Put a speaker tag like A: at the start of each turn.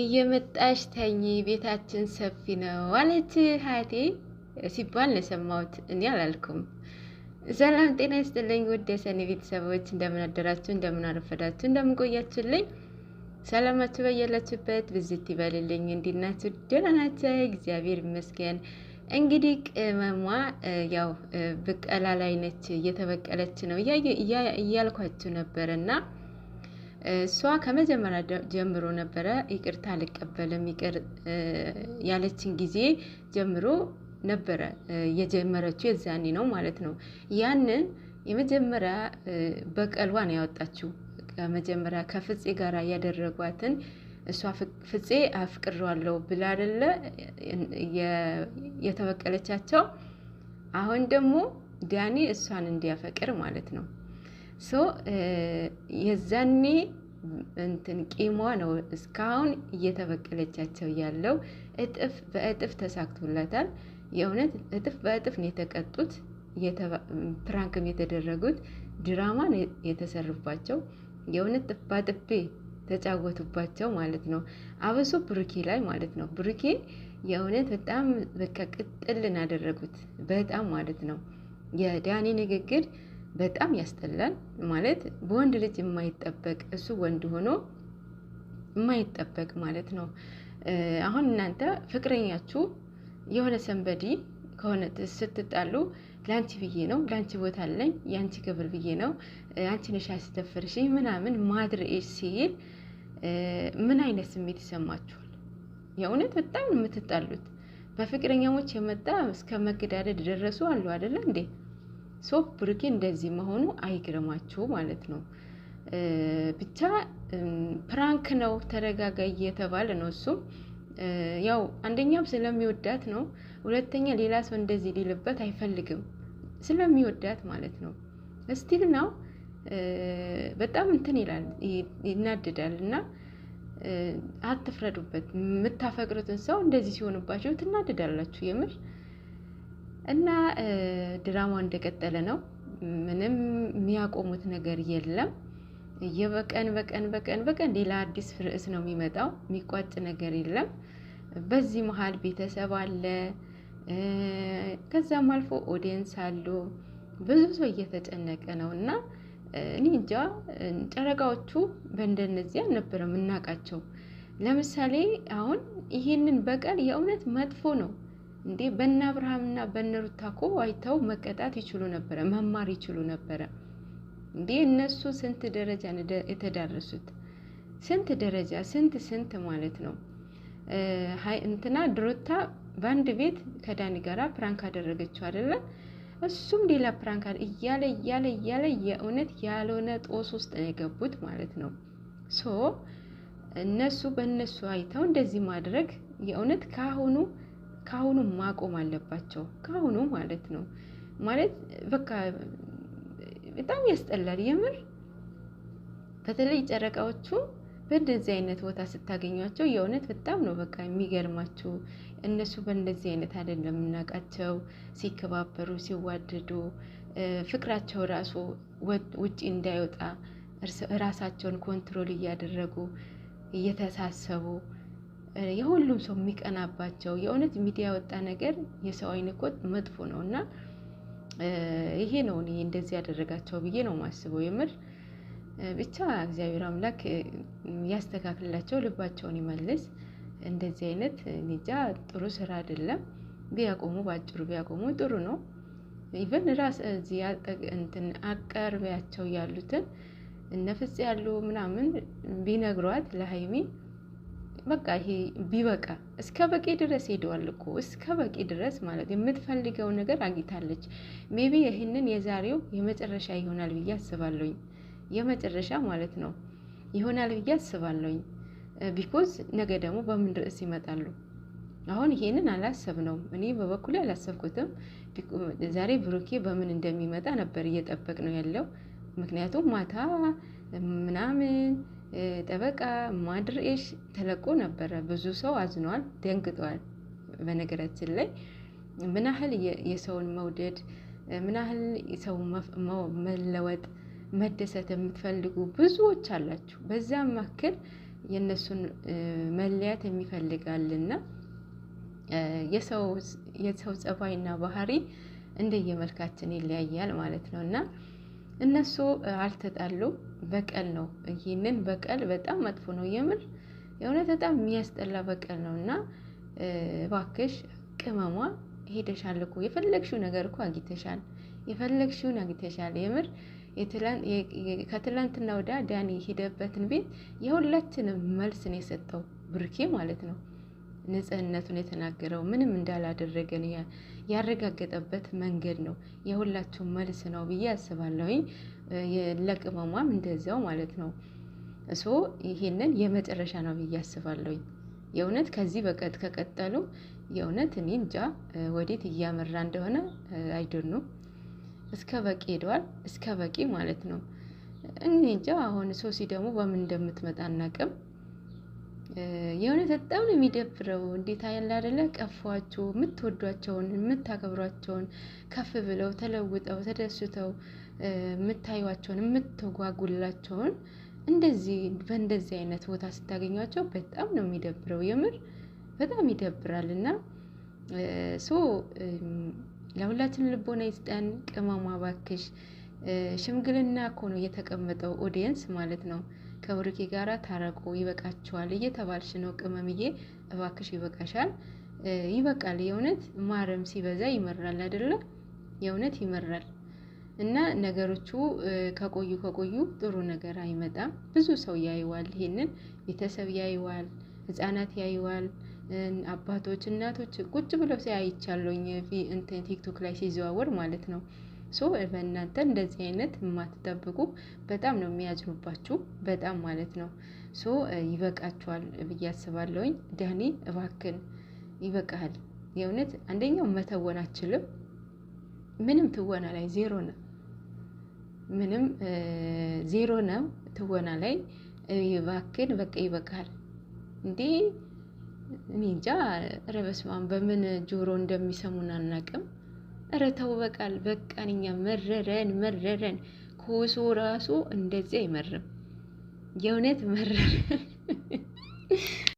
A: እየመጣሽ ተኝ ቤታችን ሰፊ ነው አለች ሀያቴ ሲባል ነው የሰማሁት። እኔ አላልኩም። ሰላም ጤና ይስጥልኝ ውድ የሰኔ ቤተሰቦች እንደምን እንደምናረፈዳችሁ፣ እንደምንቆያችሁልኝ እንደምን ሰላማችሁ በየላችሁበት ብዝት ይበልልኝ። እንዲናችሁ ደህና እግዚአብሔር ይመስገን። እንግዲህ ቅመሟ ያው ብቀላ ላይ ነች፣ እየተበቀለች ነው እያልኳችሁ ነበረ እና እሷ ከመጀመሪያ ጀምሮ ነበረ ይቅርታ አልቀበልም ይቅር ያለችን ጊዜ ጀምሮ ነበረ የጀመረችው የዛኔ ነው ማለት ነው። ያንን የመጀመሪያ በቀልዋን ያወጣችው። ከመጀመሪያ ከፍፄ ጋር ያደረጓትን እሷ ፍፄ አፍቅሯለሁ ብላ አደለ የተበቀለቻቸው። አሁን ደግሞ ዳኒ እሷን እንዲያፈቅር ማለት ነው። ሶ የዛኔ እንትን ቂሟ ነው እስካሁን እየተበቀለቻቸው ያለው እጥፍ በእጥፍ ተሳክቶላታል። የእውነት እጥፍ በእጥፍ ነው የተቀጡት፣ ፕራንክም የተደረጉት፣ ድራማ የተሰሩባቸው። የእውነት ጥፋ ተጫወቱባቸው ማለት ነው። አብሶ ብሩኬ ላይ ማለት ነው። ብሩኬ የእውነት በጣም በቃ ቅጥልን አደረጉት በጣም ማለት ነው የዳኒ ንግግር በጣም ያስጠላል። ማለት በወንድ ልጅ የማይጠበቅ እሱ ወንድ ሆኖ የማይጠበቅ ማለት ነው። አሁን እናንተ ፍቅረኛችሁ የሆነ ሰንበዲ ከሆነ ስትጣሉ ለአንቺ ብዬ ነው፣ ለአንቺ ቦታ አለኝ፣ የአንቺ ክብር ብዬ ነው፣ አንቺ ነሽ ያስደፈርሽኝ ምናምን ማድረኤች ሲል ምን አይነት ስሜት ይሰማችኋል? የእውነት በጣም የምትጣሉት በፍቅረኛሞች የመጣ እስከ መገዳደድ ደረሱ አሉ አደለ እንዴ? ሶ ብሩኬ እንደዚህ መሆኑ አይግርማችሁ ማለት ነው። ብቻ ፕራንክ ነው ተረጋጋይ እየተባለ ነው። እሱም ያው አንደኛም ስለሚወዳት ነው፣ ሁለተኛ ሌላ ሰው እንደዚህ ሊልበት አይፈልግም ስለሚወዳት ማለት ነው። እስቲል ነው በጣም እንትን ይላል ይናደዳል። እና አትፍረዱበት። የምታፈቅሩትን ሰው እንደዚህ ሲሆንባቸው ትናደዳላችሁ የምር እና ድራማው እንደቀጠለ ነው። ምንም የሚያቆሙት ነገር የለም። የበቀን በቀን በቀን በቀን ሌላ አዲስ ርዕስ ነው የሚመጣው። የሚቋጭ ነገር የለም። በዚህ መሀል ቤተሰብ አለ፣ ከዛም አልፎ ኦዲየንስ አሉ። ብዙ ሰው እየተጨነቀ ነው እና እኔ እንጃ ጨረቃዎቹ በእንደነዚህ አልነበረ የምናውቃቸው። ለምሳሌ አሁን ይህንን በቀል የእውነት መጥፎ ነው እንዴ በነ አብርሃምና በነ ሩታ እኮ አይተው መቀጣት ይችሉ ነበረ፣ መማር ይችሉ ነበረ። እንዴ እነሱ ስንት ደረጃ የተዳረሱት ስንት ደረጃ ስንት ስንት ማለት ነው። እንትና ድሮታ በአንድ ቤት ከዳኒ ጋራ ፕራንክ አደረገችው አይደለ? እሱም ሌላ ፕራንክ እያለ እያለ እያለ የእውነት ያልሆነ ጦስ ውስጥ ነው የገቡት ማለት ነው። ሶ እነሱ በእነሱ አይተው እንደዚህ ማድረግ የእውነት ካሁኑ ከአሁኑ ማቆም አለባቸው። ከአሁኑ ማለት ነው ማለት በቃ በጣም ያስጠላል የምር። በተለይ ጨረቃዎቹ በእንደዚህ አይነት ቦታ ስታገኟቸው የእውነት በጣም ነው በቃ የሚገርማችሁ። እነሱ በእንደዚህ አይነት አይደለም የምናውቃቸው፣ ሲከባበሩ፣ ሲዋደዱ ፍቅራቸው ራሱ ውጪ እንዳይወጣ ራሳቸውን ኮንትሮል እያደረጉ እየተሳሰቡ የሁሉም ሰው የሚቀናባቸው የእውነት ሚዲያ ወጣ ነገር የሰው አይን እኮ መጥፎ ነው እና ይሄ ነው እኔ እንደዚህ ያደረጋቸው ብዬ ነው ማስበው። የምር ብቻ እግዚአብሔር አምላክ ያስተካክልላቸው፣ ልባቸውን ይመልስ። እንደዚህ አይነት እንጃ ጥሩ ስራ አይደለም። ቢያቆሙ በአጭሩ ቢያቆሙ ጥሩ ነው። ኢቨን ራስ እዚህ እንትን አቀርቢያቸው ያሉትን እነፍጽ ያሉ ምናምን ቢነግሯት ለሀይሚ በቃ ይሄ ቢበቃ እስከ በቂ ድረስ ሄደዋል እኮ እስከ በቂ ድረስ ማለት የምትፈልገው ነገር አግኝታለች። ሜቢ ይህንን የዛሬው የመጨረሻ ይሆናል ብዬ አስባለሁኝ። የመጨረሻ ማለት ነው ይሆናል ብዬ አስባለሁኝ። ቢኮዝ ነገ ደግሞ በምን ርዕስ ይመጣሉ? አሁን ይሄንን አላሰብ ነው እኔ በበኩሌ አላሰብኩትም። ዛሬ ብሩኬ በምን እንደሚመጣ ነበር እየጠበቅ ነው ያለው። ምክንያቱም ማታ ምናምን ጠበቃ ማድርኤሽ ተለቆ ነበረ። ብዙ ሰው አዝኗል፣ ደንግጧል። በነገራችን ላይ ምን ያህል የሰውን መውደድ ምን ያህል ሰው መለወጥ መደሰት የምትፈልጉ ብዙዎች አላችሁ። በዚያም መካከል የእነሱን መለያት የሚፈልጋልና የሰው ጸባይና ባህሪ እንደየመልካችን ይለያያል ማለት ነው እና እነሱ አልተጣሉ በቀል ነው። ይህንን በቀል በጣም መጥፎ ነው። የምር የእውነት በጣም የሚያስጠላ በቀል ነው እና እባክሽ ቅመሟ ሄደሻል እኮ የፈለግሽው ነገር እኮ አግኝተሻል። የፈለግሽውን አግኝተሻል። የምር ከትላንትና ወዳ ዳኒ ሄደበትን ቤት የሁላችንም መልስ ነው የሰጠው ብርኬ ማለት ነው። ንጽህነቱን የተናገረው ምንም እንዳላደረገን ያረጋገጠበት መንገድ ነው። የሁላችሁም መልስ ነው ብዬ አስባለሁኝ። ለቅመሟም እንደዚያው ማለት ነው። እሶ ይሄንን የመጨረሻ ነው ብዬ አስባለሁኝ። የእውነት ከዚህ በቀጥ ከቀጠሉ የእውነት እኔ እንጃ ወዴት እያመራ እንደሆነ አይደኑ እስከ በቂ ሄደዋል። እስከ በቂ ማለት ነው። እኔ እንጃ አሁን ሶሲ ደግሞ በምን እንደምትመጣ አናቅም። የእውነት በጣም ነው የሚደብረው። እንዴት ያለ አይደለ ቀፏችሁ የምትወዷቸውን የምታከብሯቸውን ከፍ ብለው ተለውጠው ተደስተው የምታዩቸውን የምትጓጉላቸውን እንደዚህ በእንደዚህ አይነት ቦታ ስታገኟቸው በጣም ነው የሚደብረው። የምር በጣም ይደብራል። እና ሶ ለሁላችን ልቦና ይስጠን። ቅመማ ባክሽ ሽምግልና እኮ ነው የተቀመጠው ኦዲየንስ ማለት ነው። ከብሩኬ ጋር ታረቁ፣ ይበቃችኋል እየተባልሽ ነው ቅመምዬ፣ እባክሽ ይበቃሻል፣ ይበቃል። የእውነት ማረም ሲበዛ ይመራል አይደለ? የእውነት ይመራል። እና ነገሮቹ ከቆዩ ከቆዩ ጥሩ ነገር አይመጣም። ብዙ ሰው ያይዋል፣ ይሄንን ቤተሰብ ያይዋል፣ ህጻናት ያይዋል፣ አባቶች እናቶች ቁጭ ብለው ሲያይቻለኝ እንትን ቲክቶክ ላይ ሲዘዋወር ማለት ነው። ሶ በእናንተ እንደዚህ አይነት የማትጠብቁ በጣም ነው የሚያዝኑባችሁ፣ በጣም ማለት ነው። ሶ ይበቃችኋል ብዬ አስባለሁኝ። ዳኒ እባክን ይበቃል የእውነት አንደኛው መተወን አችልም፣ ምንም ትወና ላይ ዜሮ ነው፣ ምንም ዜሮ ነው ትወና ላይ። እባክን በቃ ይበቃል እንዴ! እኔ እንጃ። ኧረ በስመ አብ በምን ጆሮ እንደሚሰሙን አናቅም እረ ተው በቃል በቃን። እኛ መረረን መረረን። ኮሶ ራሱ እንደዚህ አይመርም። የእውነት መረረን።